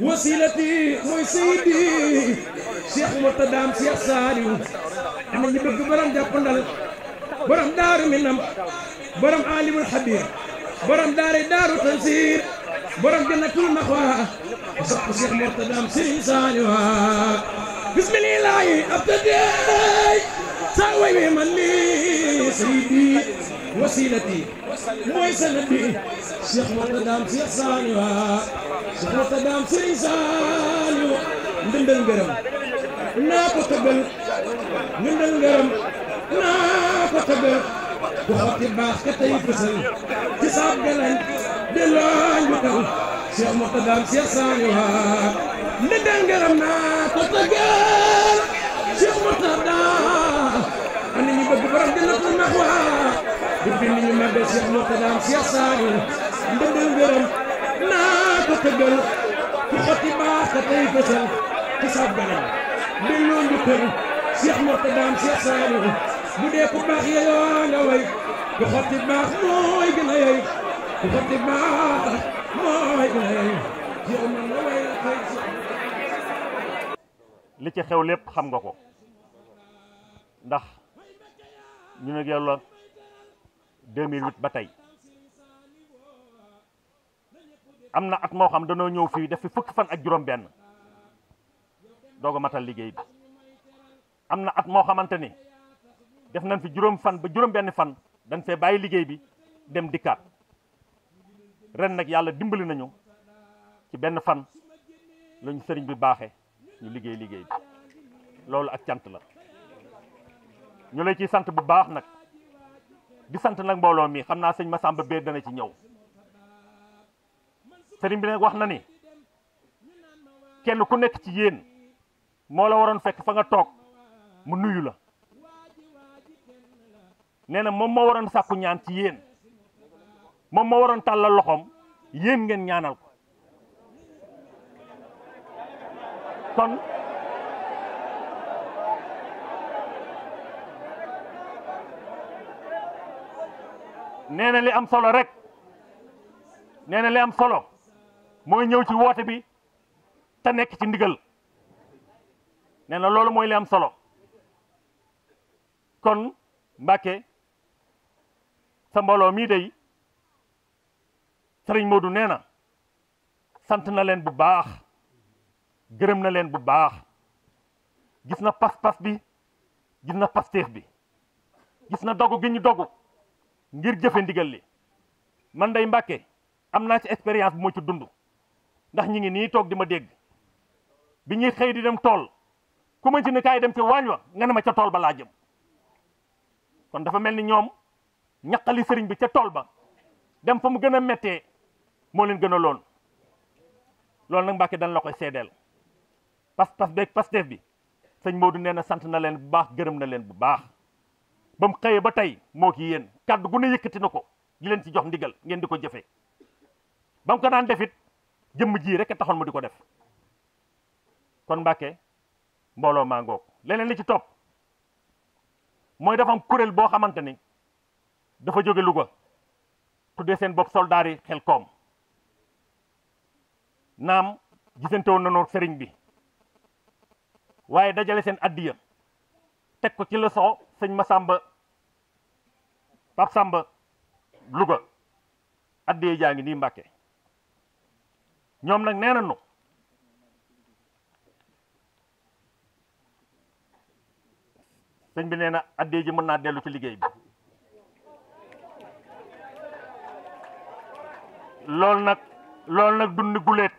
wasilati mooy sayidi cheikh mata daam cheikh saaliw am na ñu bëgg borom jàppandal borom daaru minam borom alimul xabir borom daare daaru tansiir borom jannatul maxwa sopp cheikh mata daam sëriñ saaliw man li sayidi wasilati mooy sama bi Cheikh Mourtada Cheikh Saliou Cheikh Mourtada Serigne Saliou ndëndal ngërëm naa ko tëggal ndëndal ngërëm naa ko tëggal ku xotti baax ka tey fësal ci saab galañ delloo njukkal Cheikh Mourtada Cheikh Saliou ndëndal ngërëm naa ko tëggal Cheikh Mourtada ana ñu bëgg borom dina ko nax waa di bind ñu mebbe Cheikh Mourtada Cheikh Saliou mbëndal wéram naa ko tëggal ku xotti baax te tey gësal ci sab garam delloo njukkal Cheikh Mourtada Cheikh Saliou bu dee ku baax yeyoo nga way ku xotti baax mooy gën a yey ku xotti baax mooy gën a yey yow man nga way xëy li ci xew lépp xam nga ko ndax ñu ne yàlla 2008 ba tey am na at moo xam danoo ñëw fii def fi fukki fan ak juróom-benn doog a matal liggéey bi am na at moo xamante ni def nañ fi juróom fan ba juróom-benn fan dañ fee bàyyi liggéey bi dem dikkaat ren nag yàlla dimbali nañu ci benn fan lañu sëriñ bi baaxe ñu liggéey liggéey bi loolu ak cant la ñu lay ciy sant bu baax nag. di sant nag mbooloo mi xam naa sëñ sàmba bee dana ci ñëw sëriñ bi nag wax na ni kenn ku nekk ci yéen moo la waroon fekk fa nga toog mu nuyu la nee na moom moo waroon sàkku ñaan ci yéen moom moo waroon tàllal loxoom yéen ngeen ñaanal ko kon nee na li am solo rek nee na li am solo mooy ñëw ci woote bi te nekk ci ndigal nee na loolu mooy li am solo kon Mbàkke sa mbooloo mii day Sëriñ Modou nee na sant na leen bu baax gërëm na leen bu baax gis na pas-pas bi gis na pasteef bi gis na dogu gi ñu dogu ngir jëfe ndigal li man day Mbàkke am naa ci expérience bu ma ci dund ndax ñi ngi nii toog di ma dégg bi ñuy xëy di dem tool ku ma ci ne kaay dem ci waañ wa nga ne ma ca tool ba laa jëm kon dafa mel ni ñoom ñaqali sëriñ bi ca tool ba dem fa mu gën a méttee moo leen gën a loon loolu nag Mbàkke dañ la koy seedeel pas pas beeg Pastef bi sëñ Modou neen na sant na leen bu baax gërëm na leen bu baax ba mu xëyee ba tey moo ki yéen kàddu gu ne yëkkati na ko ji leen ci jox ndigal ngeen di ko jëfee ba mu ko daan defit jëmm jii rek a taxoon mu di ko def kon Mbàkke mbooloo maa ngoog leneen li ci topp mooy dafa am kuréel boo xamante ni dafa jóge Louga tuddee seen bopp soldaari xel koom naam gisante woon nañoo sëriñ bi waaye dajale seen addiya teg ko ci loxo sëñ Masamba Pape Samba Louga addee jaa ngi nii Mbàkke ñoom nag nee nañu sëñ bi nee na addee ji mën naa dellu ci liggéey bi loolu nag loolu nag dunni guleet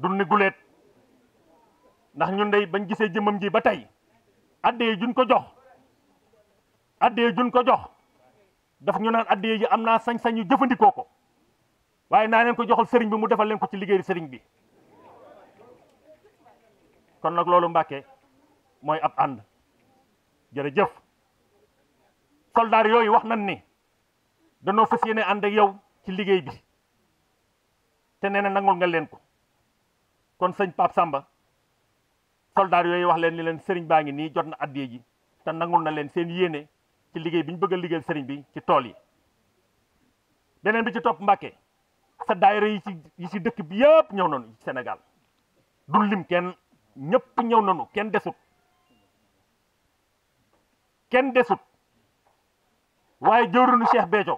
dunni guleet ndax ñun day bañ gisee jëmmam ji ba tey addee juñ ko jox addee juñ ko jox daf ñu naan addee ji am naa sañ sañ yu jëfandikoo ko waaye naa leen ko joxal sëriñ bi mu defal leen ko ci liggéeyu sëriñ bi kon nag loolu Mbàkke mooy ab ànd jërëjëf soldaar yooyu wax nan ni danoo fas yéene ànd yow ci liggéey bi te nee na nangul nga leen ko kon sëñ Pape Samba soldaar yooyu wax leen ni leen sëriñ baa ngi nii jot na addee ji te nangul na leen seen yéene ci liggéey bi ñu bëgg a liggéeyal sëriñ bi ci tool yi beneen bi ci topp Mbàkke sa daayira yi ci yi ci dëkk bi yëpp ñëw nañu ci Sénégal du lim kenn ñëpp ñëw nañu kenn desut kenn desut waaye jëwrinu Cheikh Béthio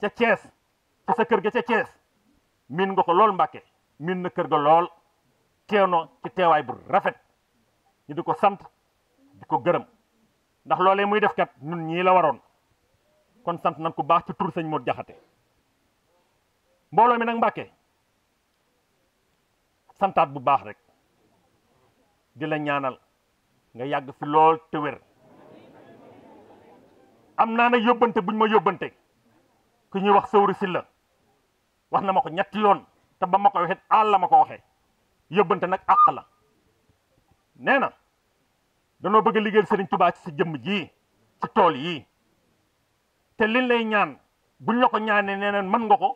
ca Thiès ca sa kër ga ca Thiès miin nga ko lool Mbàkke miin na kër ga lool teew na ci teewaay bu rafet ñu di ko sant di ko gërëm ndax loole muy def kat nun ñii la waroon kon sant nan ku baax ci tur sañ moo jaxate mbooloo mi nag Mbàkke santaat bu baax rek di la ñaanal nga yàgg fi lool te wer am naa nag yóbbante buñ ma yóbbante ku ñuy wax sawru si la wax na ma ko ñetti yoon te ba ma ko waxee àll la ma ko waxee yóbbante nag àq la nee na danoo bëgg a liggéeyal Serigne Touba ci sa jëmm jii ci tool yii te liñ lay ñaan buñ la ko ñaanee nee na mën nga ko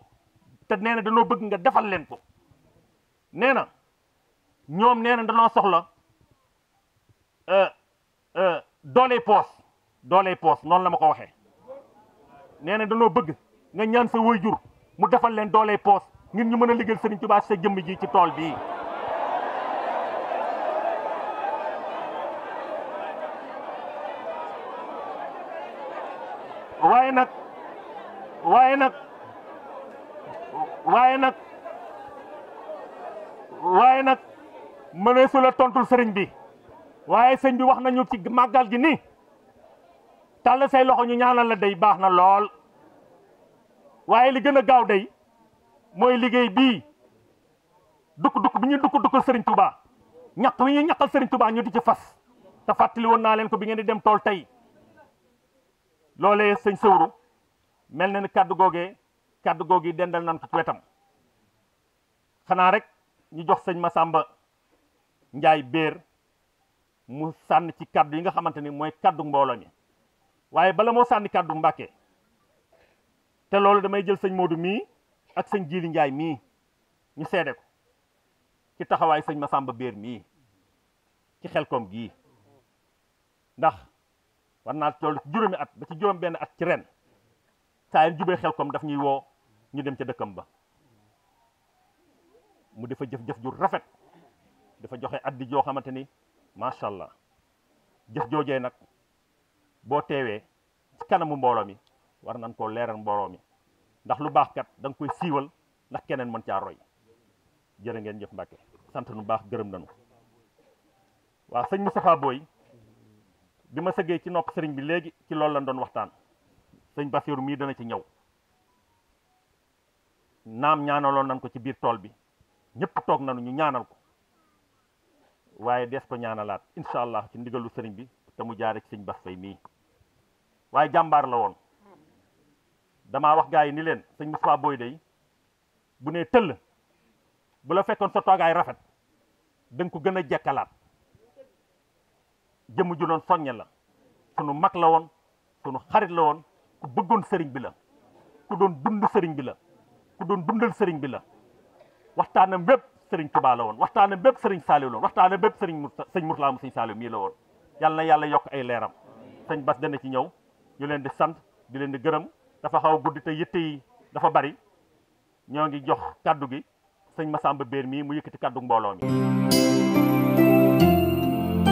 te nee na danoo bëgg nga defal leen ko nee na ñoom nee na danoo soxla euh, euh, dooley poos dooley poos noonu la ma ko waxee nee na danoo bëgg nga ñaan sa waajur mu defal leen dooley poos ngir ñu mën a liggéeyal Serigne Touba ci sa jëmm ji ci tool bii waaye nag waaye nag waaye nag waaye nag mëneesu la tontul sëriñ bi waaye sëñ bi wax nañu ci màggal gi ni tàll say loxo ñu ñaanal la day baax na lool waaye li gën a gaaw day mooy liggéey bii dukk-dukk bi ñu dukk-dukkal sëriñ Touba ñaq wi ñuy ñaqal sëriñ Touba ñu di ci fas te fàttali woon naa leen ko bi ngeen di dem tool tey loole sëñ sëwru mel na ni kàddu googee kàddu googi dendal nan wetam xanaa rek ñu jox sëñ Masamba Njaay Béer mu sànn ci kàddu yi nga xamante ni mooy kàddu mbooloo mi waaye bala moo sànni kàddu Mbàkke te loolu damay jël sëñ Modou mii ak sëñ Jili Njaay mii ñu seede ko ci taxawaay sëñ Masamba Béer mii ci xelkom gii ndax war naa toll juróomi at ba ci juróom benn at ci ren saa yu jubee xel kom daf ñuy woo ñu dem ca dëkkam ba mu defa jëf-jëf ju rafet dafa joxe at joo xamante ni macha allah jëf joojee nag boo teewee ci kanamu mbooloo mi war nañ koo leeral mbooloo mi ndax lu baax kat da nga koy siiwal ndax keneen mën caa roy jërë ngeen jëf Mbàkke sant nu baax gërëm nañu waaw sëñ Moustapha Boye bi ma sëggee ci nopp sëriñ bi léegi ci loolu lañ doon waxtaan sëñ Basiru mii dana ci ñëw naam ñaanaloon nañ ko ci biir tool bi ñëpp toog nañu ñu ñaanal ko waaye des ko ñaanalaat incha allah ci ndigalu sëriñ bi te mu jaare ci sëñ Bas Fay mii waaye jàmbaar la woon dama wax gars yi ni leen sëñ Moussa booy day bu ne tëll bu la fekkoon sa toogaay rafet da ko gën a jekkalaat jëmm ju doon soññe la sunu mag la woon sunu xarit la woon ku bëggoon sëriñ bi la ku doon dund sëriñ bi la ku doon dundal sëriñ bi la waxtaanam bépp sëriñ Tuubaa la woon waxtaanam bépp sëriñ Saaliw la woon waxtaanam bépp sëriñ Mursa sëñ Mursalaa mu sëñ mii la woon yàlla na yàlla yokk ay leeram sëñ Bas dana ci ñëw ñu leen di sant di leen di gërëm dafa xaw guddi te yitte yi dafa bari ñoo ngi jox kàddu gi sëñ Masamba Béer mii mu yëkkati kàddu mbooloo mi